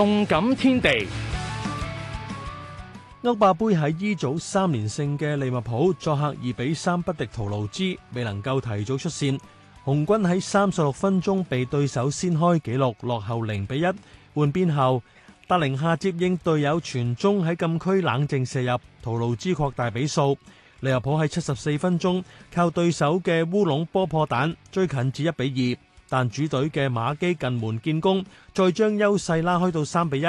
動感天地，歐霸杯喺 E 組三連勝嘅利物浦作客二比三不敵圖盧茲，未能夠提早出線。紅軍喺三十六分鐘被對手先開紀錄，落後零比一。換邊後，達寧加接應隊友傳中喺禁區冷靜射入，圖盧茲擴大比數。利物浦喺七十四分鐘靠對手嘅烏龍波破蛋，追近至一比二。但主隊嘅馬基近門建功，再將優勢拉開到三比一。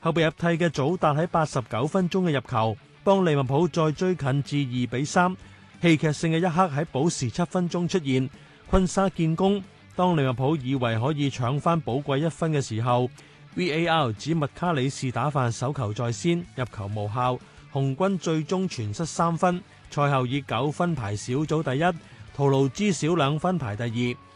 後備入替嘅祖達喺八十九分鐘嘅入球，幫利物浦再追近至二比三。戲劇性嘅一刻喺補時七分鐘出現，昆沙建功。當利物浦以為可以搶翻寶貴一分嘅時候，VAR 指麥卡里士打犯手球在先，入球無效。紅軍最終全失三分，賽後以九分排小組第一，圖盧茲少兩分排第二。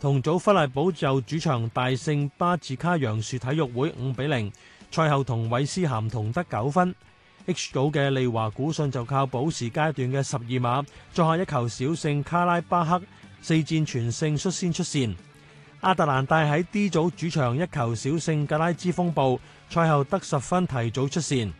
同組芬蘭寶就主場大勝巴茲卡楊樹體育會五比零，賽後同韋斯咸同得九分。H 組嘅利華古遜就靠補時階段嘅十二碼，再下一球小勝卡拉巴克，四戰全勝率先出線。阿特蘭大喺 D 組主場一球小勝格拉茲風暴，賽後得十分提早出線。